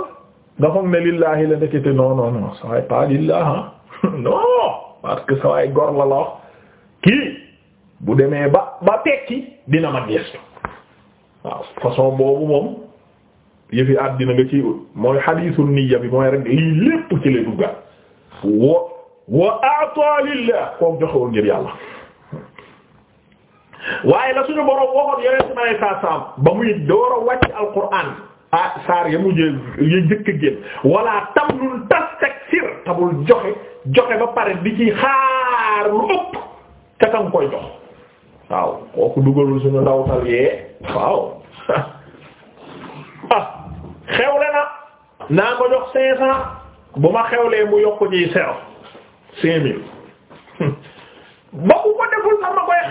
nga foog ne lillaahi la ndekete non non non sa waay pas lillah ah. parce que sa waay gor la la wax kii bu demee ba ba tekki dina ma gestu waaw façon boobu moom yëfi àddina nga ci mooy xadiisul niyya bi mooy rek lii lépp ci lay duggaat wa wa a'ta lillah kooku joxewul ngir yàlla waaye la suñu borom waxoon yeneen si ma lay saa ba muy door a wàcc alquran ah saar ya mujjee ya njëkk a génn wala tamlul tastakthir tabul joxe joxe ba pare di ci xaar lu ëpp te koy jox waaw kooku dugalul suñu ndawtal yee waaw ah xewle na naa ko jox cinq bu ma xewlee mu yokk ci sew cinq mille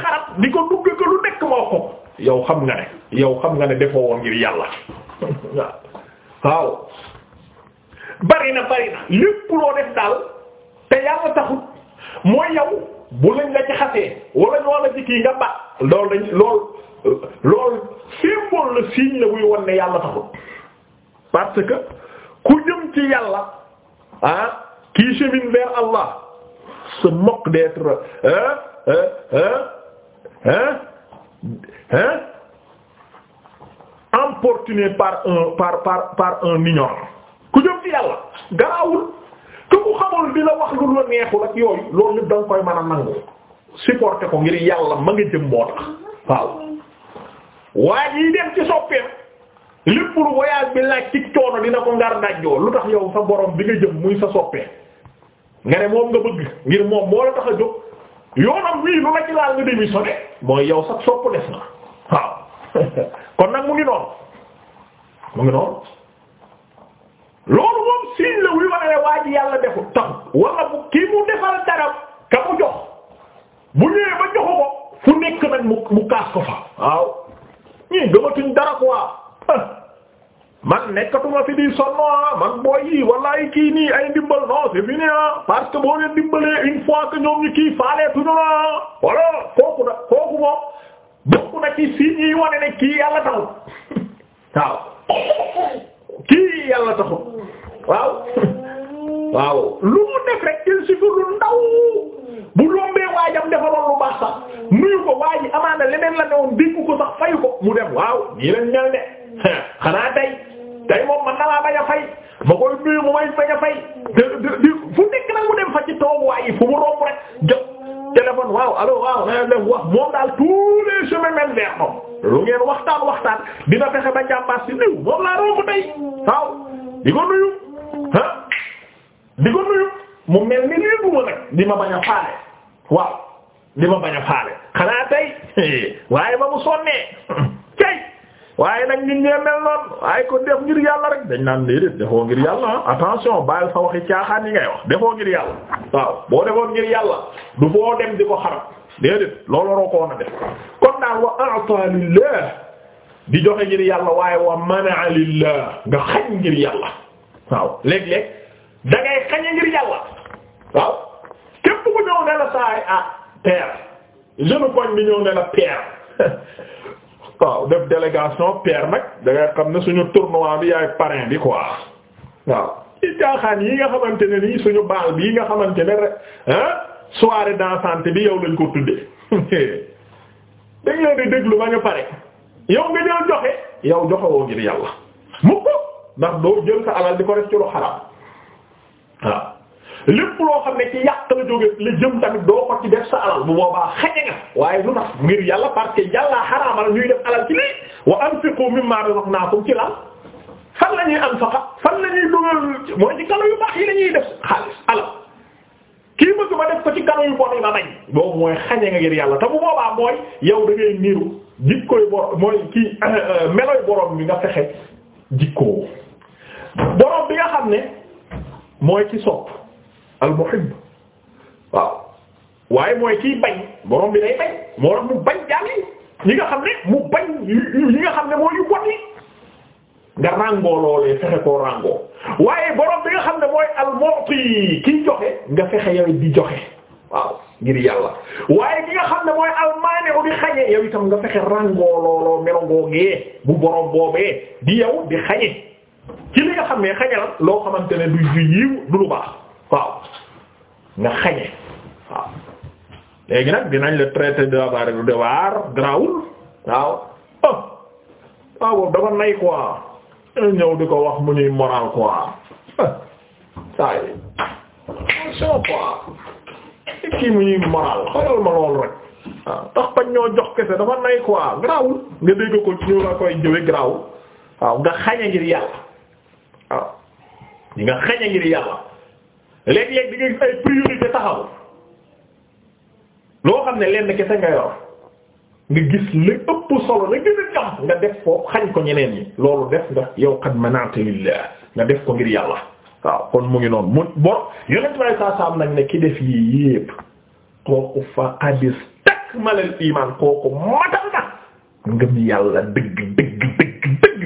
koy di ko dugg ko lu nekk moo ko yow xam nga ne yow xam nga ne defoo woon ngir yàlla waaw bari na bari na lépp loo def daal te yàlla taxut mooy yow bu lañ la ci xasee wala ñoo la nga ba loolu dañ loolu loolu symbole la la buy won yàlla taxut parce que ku jëm ci yàlla ah qui chemine Allah se moque d'être hein hein hein hein hein importuné par un par par par un ku jëm ci yàlla garaawul te ku xamul di wax lu la neexul ak yooyu loolu lépp da koy mën a nangu supporter ko ngir yàlla ma nga jëm moo tax waaw waaye yi dem ci soppeem lépp lu voyage bi laaj ci coono dina ko ngar dajjoo lu tax yow sa borom bi jëm muy sa soppee nga ne moom nga bëgg ngir moom moo la tax a jóg yoonam wii lu la ci laal nga démissionné mooy yow sax sopp des na waaw kon nag mu ngi noonu mu ngi noonu loolu moom signe la wuy wane ne waa ji yàlla defu tax wala bu kii mu defal dara ka mu jox bu ñëwee ba joxu ko fu nekk nag mu kaas ko fa waaw ñii gëmatuñ dara quoi man nekkatuma fi di sonno a ah, man booy yi kii nii ay ndimbal non c'est fini ah parce que boo dimbalee une fois que ñoom ñu kii faaleetuñu la ah. voilà kooku da kooku moom bokk na ci si ñuy wane ne kii yàlla taxut waaw kii yàlla taxut waaw lu mu def rek il lu ndaw bu rombee waajam defaroon lu baax nuyu ko waa ji amaana leneen la ne woon dégg ko sax fay ko mu dem waaw ñii leen mel ne xanaa tey tey moom man na maa bañ a fay ma koy nuyu mu may bañ a fay di fu nekk nag mu dem fa ci tooguwaay yi fu mu romb rek jot téléphone waaw allo waaw na def wax moom daal tous les chemins mènent moom lu ngeen waxtaan waxtaan dina fexe ba jàmbaas si niw moom laa romb tey waaw di ko nuyu ah di ko nuyu mu mel ni léegi nag di ma bañ a faale waaw di ma bañ a faale xanaa tey waaye ba mu sonnee tey. waaye nag nit ñee mel noonu waaye ko def ngir yàlla rek dañ naan déedéet defoo ngir yàlla ah, attention bàyyil sa waxi caaxaan yi ngay wax defoo ngir yàlla waaw boo defoon ngir yàlla du foo dem di ko xarab déedéet loolu waroo ko def kon daal wa a'ta di joxe ngir yàlla waaye wa mana'a lillah nga xañ ngir yàlla waaw léeg-léeg da ngay xañe ngir yàlla waaw képp ku ñëw ne la saay ah père jeune koñ bi ñëw ne la père waaw def délégation père nag da ngay xam ne suñu tournoi bi yaay parrain bi quoi waaw i caaxaan yi nga xamante ne nii suñu baal bii nga xamante ne rek ah soirée dansante bi yow lañ ko tuddee dañ leen di déglu ba nga pare yow nga ñëw joxe yow joxe woo ngir yàlla mukk ndax doo jël sa alal di ko def ci lu xaraam lépp loo xam ne ci yàq la jóge la jëm tamit doo ko ci def sa alal bu boobaa xañe nga waaye lu tax ngir yàlla parce que yàlla xaraamal ñuy def alal ci lii wa anfiqu mimma razaqnakum ci la fan la ñuy anfaqa fan la ñuy mooy ci kano yu baax yi la ñuy def xaalis alal kii bëgg def ko ci kano yu bon yi ma bañ boobu mooy xañe nga ngir yàlla te bu boobaa mooy yow da ngay niiru jikkooy bor mooy kii euh, euh, meloy borom bi nga fexe jikkoo borom xam ne mooy almuhib waaw waaye mooy kiy bañ borom bi day bañ moo mu bañ jàll ñi nga xam ne mu bañ ñi nga xam ne mooy yu bon yi nga ràngoo loolee fexe koo ràngoo waaye borom bi nga xam ne mooy almu'ti di joxe waaw ngir nga xam ne mooy almaane nga fexe bu borom boobee di yow di xañe ci li nga xam ne xañe loo xamante ne du yiw du lu baax nga xañe waaw léegi nag dinañ la traité de avare de waar grawul waaw oh waaw boobu dafa nay quoi ñëw di ko wax mu ñuy moral quoi oh. saa yi attention quoi kii mu ñuy moral xoolal ma lool rek waaw tax pañ ñoo jox kese dafa nay quoi grawul nga dégg ko ñu la koy jëwe grawul waaw nga xañe ngir yàlla waaw nga xañe ngir léeg-léeg di nga gis ay priorité taxaw loo xam ne lenn kese nga yor nga gis la ëpp solo la gën a jàmm nga def ko xañ ko ñeneen ñi loolu def nga yow qad mana'ta nga def ko ngir yàlla waaw kon mu ngi noonu mu bon yonent way saa saam nag ne ki def yii yépp kooku fa qadis takmal al iman kooku matal na ngëm yàlla dëgg dëgg dëgg dëgg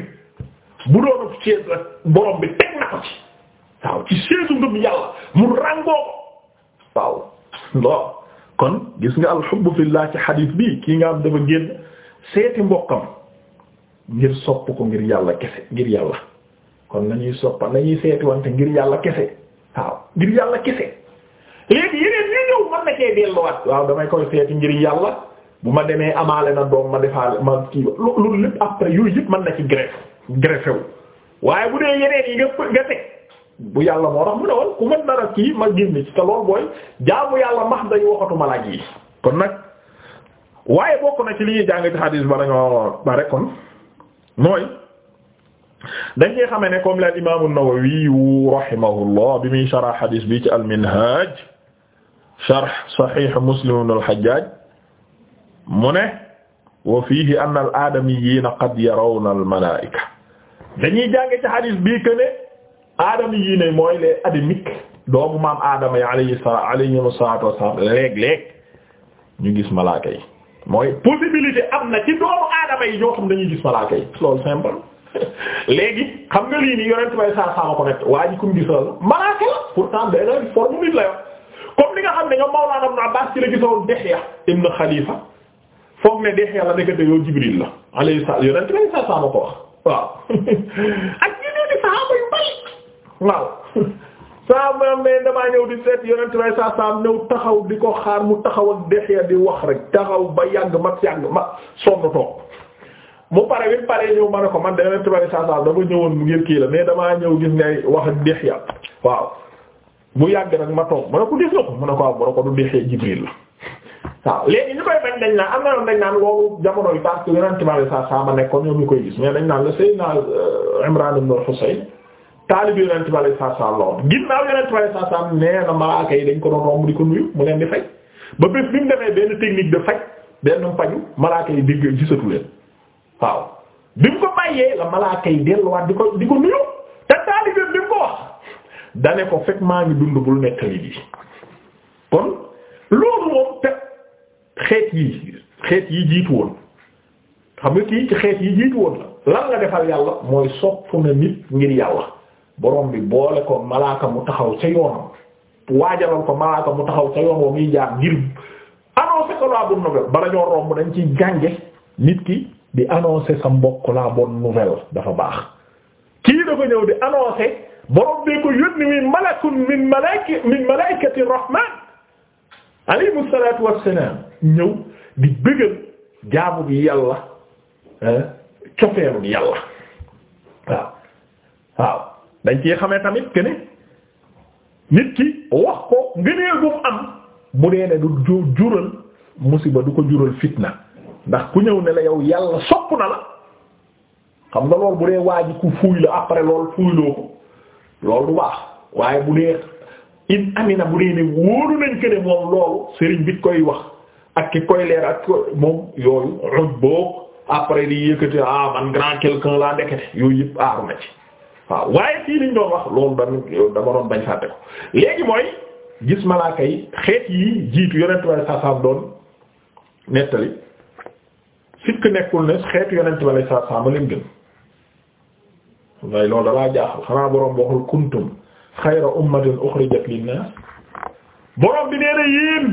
bu doonu ceeb borom bi teg na ko ci waaw ci seetu ngëm yàlla mu ràngoo waaw kon gis nga alxubb fillah ci xadiis bi kii nga am dafa génn seeti mbokkam ngir sopp ko ngir yàlla kese ngir yàlla kon nañuy soppa nañuy seeti wante ngir yàlla kese waaw ngir yàlla kese léegi yeneen ñu ñëw man na cee delluwaat waaw damay koy seeti ngir yàlla bu ma demee amaale na doom ma defaale ma kii loolu lépp après yooyu yëpp mën na ci greffe greffewu waaye bu dee yeneen yi nga nga bu yàlla moo mu ne woon ku ma dara kii ma génn ci booy jaamu yàlla max day waxatuma laaj kon nag waaye bokk na ci li ñuy jàng ci xadiis ba dañoo bare kon mooy dañ koy xamee ne comme al imaamu Nawawi rahimahullah bi muy sharh xadiis bi ci al-Minhaj sharh Sahih Muslim ibn al-Hajjaj mu ne wa fiihi anna al-aadamiyyiina qad yarawna al-malaa'ika dañuy jàng ci xadiis bi que ne aadama yii ne mooy les adamiques doomu maam aadama yi alayhi salaam alayhi salaatu wassalaam léeg-léeg ñu gis malaaka yi mooy possibilité am na ci doomu aadama yi ñoo xam dañuy gis malaaka yi loolu simple léegi xam nga lii nii yonent bay saa saama ko nekk comme ni nga xam ne nga Mawlaana Ibn Abbaas ci la gisoon Dihya ibn Khalifa foog ne Dihya la nekk yow Jibril la alayhi salaam yonent bay saa saama ko wax waaw ak ñeneen di saxaaba yu bari waaw saa maam ne damaa ñëw di seet yonent bay saa taxaw di ko xaar mu taxaw ak di wax rek taxaw ba yàgg mag yàgg mag sonn toog mu pare bi pare ñëw ne ko man de yonent bay saa saam dafa kii la mais damaa ñëw gis ngay wax waaw bu yàgg nag ma ma ne ko ne ko am ko du Dexya Jibril waaw léegi ñu koy bañ dañ naan jamono yi parce que yonent bay saa saam nekkoon ñoom koy gis mais dañ naan la Seydina euh, Imran ibn Husayn taalibi yonent bi alayhi salaam ginnaaw yonent bi alayhi salaam nee na malaaka yi dañ ko doon di ko nuyu mu leen di faj ba bés bi mu demee benn technique de faj benn paju malaaka yi digg gisatu leen waaw bi mu ko bàyyee la malaaka yi delluwaat di ko di ko nuyu te taalibi bi mu ko wax dane ko fekk maa ngi dund bul nettali bi kon loolu moom te xeet yi xeet yi jiitu woon xam nga kii ci xeet yi jiitu woon la lan nga defal yàlla mooy sopp na nit ngir yàlla boroom bi boole ko malaaka mu taxaw ca yoonam waajalal ko malaaka mu taxaw ca yoon wa muy jaar ngir annoncé ko la bonne bala ñoo romb dañ ci jànge nit ki di annoncé sa mbokk la bonne nouvelle dafa baax kii dafa ñëw di annoncé borom bee ko yónni min malakun min malaaki min malaikati rahman alayhi salatu wassalam ñëw di bëggal jaamu yàlla eh, cofeelu yàlla waaw dañ ci xamee tamit que nit ki wax ko ngëneel bu am bu dee ne du jural musiba du ko jural fitna ndax ku ñëw ne la yow yàlla sopp na la xam nga loolu bu dee waa ku fuuy la après loolu fuuy loo ko loolu du baax waaye bu dee in amina bu dee ne wóolu nañ que moom loolu sëriñ bi koy wax ak ki koy leer ak moom yooyu rëbb boobu après di yëkkati ah man grand quelqu'un laa ndekete yooyu yëpp aaru na ci. waaw waaye fii liñ doon wax loolu dama dama doon bañ fàtte ko léegi mooy gis malaaka yi xeet yi jiitu yonentu Yàlla saasaam doon nettali leen gën waaye loolu dalaa jaaxal xanaa boroom waxul kuntum xayra ummatin uxrijat linnaas boroom bi nee na yéen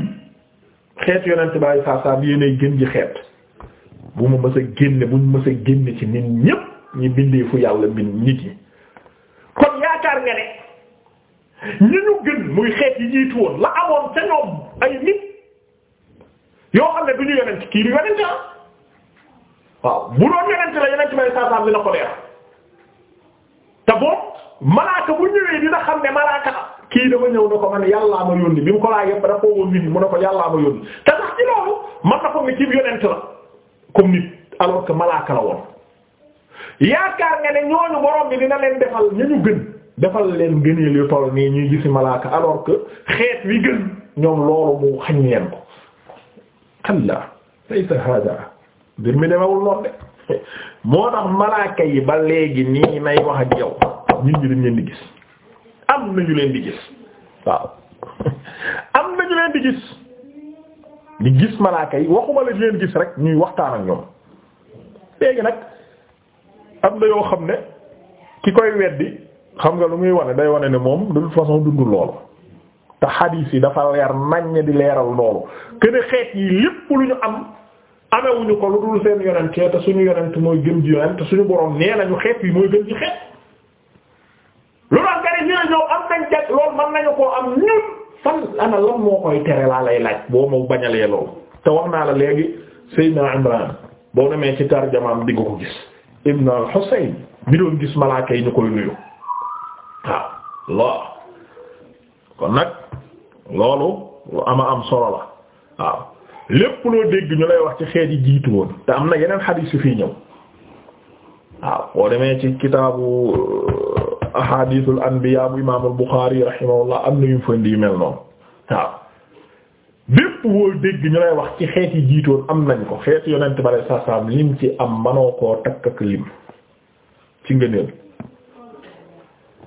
xeetu yonentu Yàlla saasaam yéenay gën ji xeet bu mu mës a bu mu mës a ci nit ñépp ñi bindee fu yàlla bind nit ñi yaakaar nga ñu gën muy xeet yi jiitu woon la amoon ca ay nit yoo xam ne du ñu yonent kii yonent ah bu doon yonent la a may saasaam dina ko leer te boobu malaaka bu ñëwee dina xam ne malaaka kii dama ñëw na ko man yàllaa ma yónni bi mu ko laa yëpp dafa woon nit mu ne ko yàllaa ma yónni te sax ci loolu man na foog ne ci yonent la comme nit alors que malaaka woon yaakaar nga ne ñooñu borom bi dina leen defal ñu ñu gën. defal leen gëneel yu toll nii ñuy gisi malaaka alors que xeet wi gën ñoom loolu mu xañ leen ko kalla laysa hada mbir mi demewul noonu de moo tax malaaka yi ba léegi nii may wax ak yow ñun ñi dañ leen di gis am nañu leen di gis waaw am nañu leen di gis di gis malaaka yi waxuma la di leen gis rek ñuy waxtaan ak ñoom léegi nag am na yoo xam ne ki koy weddi xam nga lu muy wane day wane ne moom de toute façon dundul loolu te xadiis yi dafa leer naññ di leeral loolu kene xeet yi lépp lu ñu am amewuñu ko lu dul seen yonent te suñu yonent mooy gën ji yonent te suñu borom nee nañu xeet yi mooy gën ci xeet lu la gari ñëw ñëw am nañ jag loolu mën nañu koo am ñun fan ana moo koy tere laa lay laaj boo ma bañalee loolu te wax naa la léegi Seydina Imran boo demee ci tarjamaam di nga ko gis Ibn al gis malaaka yi ñu lool kon nag loolu lu a am solo la waaw lépp loo dégg ñu lay wax ci xeet yi jiitu woon te am na yeneen xadiis yu fii ñëw waaw boo demee ci kitaabu euh, ahadiisul anbiyaa bu imaamul Buxaari rahimahullah am na yu fënd yu mel noonu waaw bépp woo dégg ñu lay wax ci xeet yi jiitoon am nañ ko xeet yonent bale saasaam lim ci am manoo koo takk ak lim ci ngëneel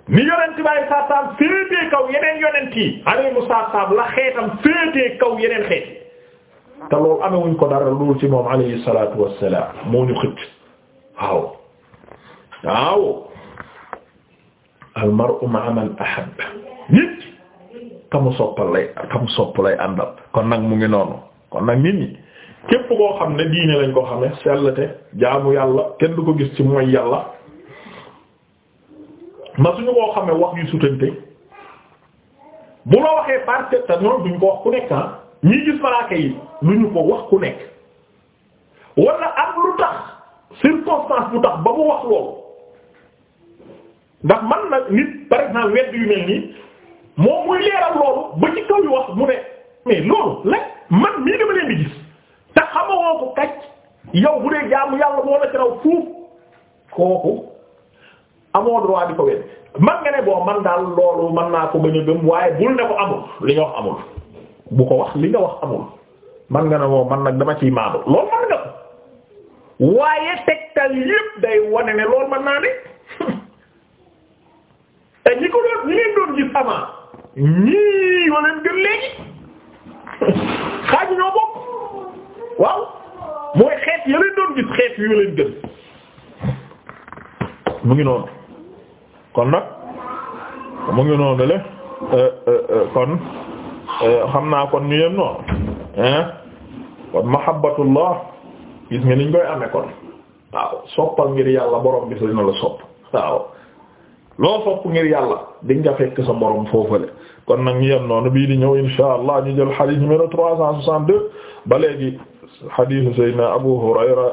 ni yonent baay saasaam féetee kaw yeneen yonent yi alayhimu saasaam la xeetam féetee kaw yeneen xeet te loolu amewuñ ko dara loolu ci moom alayhi salaatu wassalaam moo ñu xëcc waaw waaw al mar'u ma'a man ahabba nit kamu soppal lay kamu sopp lay àndal kon nag mu ngi noonu kon nag nit ñi képp koo xam ne diine lañ ko xame sellate jaamu yàlla kenn du ko gis ci mooy yàlla ma suñu koo xam ne wax yu sutante bu la waxee parce que te noonu duñ ko wax ku nekk ah ñi gis malaaka ko wax ku nekk wala am lu tax circonstance bu tax ba mu wax loolu ndax man nag nit par exemple wedd yu mel nii moom muy leeral loolu ba ci kaw yu wax mu ne loolu la man mii dama leen di gis te xamawoo ko kacc yow bu dee jaamu yàlla moo la ci raw fuuf kooku amoo droit di ko wedd man nga ne boo man daal loolu mën naa ko bañ a gëm waaye bul ne ko amul li nga wax amul bu ko wax li nga wax amul man nga ne woo man nag dama ciy maandu loolu man nga ko waaye tegtal yépp day wane ne loolu mën naa ne te ñi ko doon ñi leen doon gis avant ñii yoo gën léegi xaaju ñoo bokk waaw mooy xeet ya leen doon gis xeet yu leen gën mu ngi noonu kon nag mu ngi noonu le euh, euh, euh, kon xam naa kon ñu yem noonu hein kon mahabbatullah gis nga niñ koy amee kon waaw soppal ngir yàlla boroom bi sa dina la sopp waaw loo sopp ngir yàlla di nga fekk sa borom foofale kon nag ñu yem noonu bii di ñëw insha allah ñu jël hadith numéro trois cent soixante-deux ba léegi hadithu sayyidina Abu Hurayra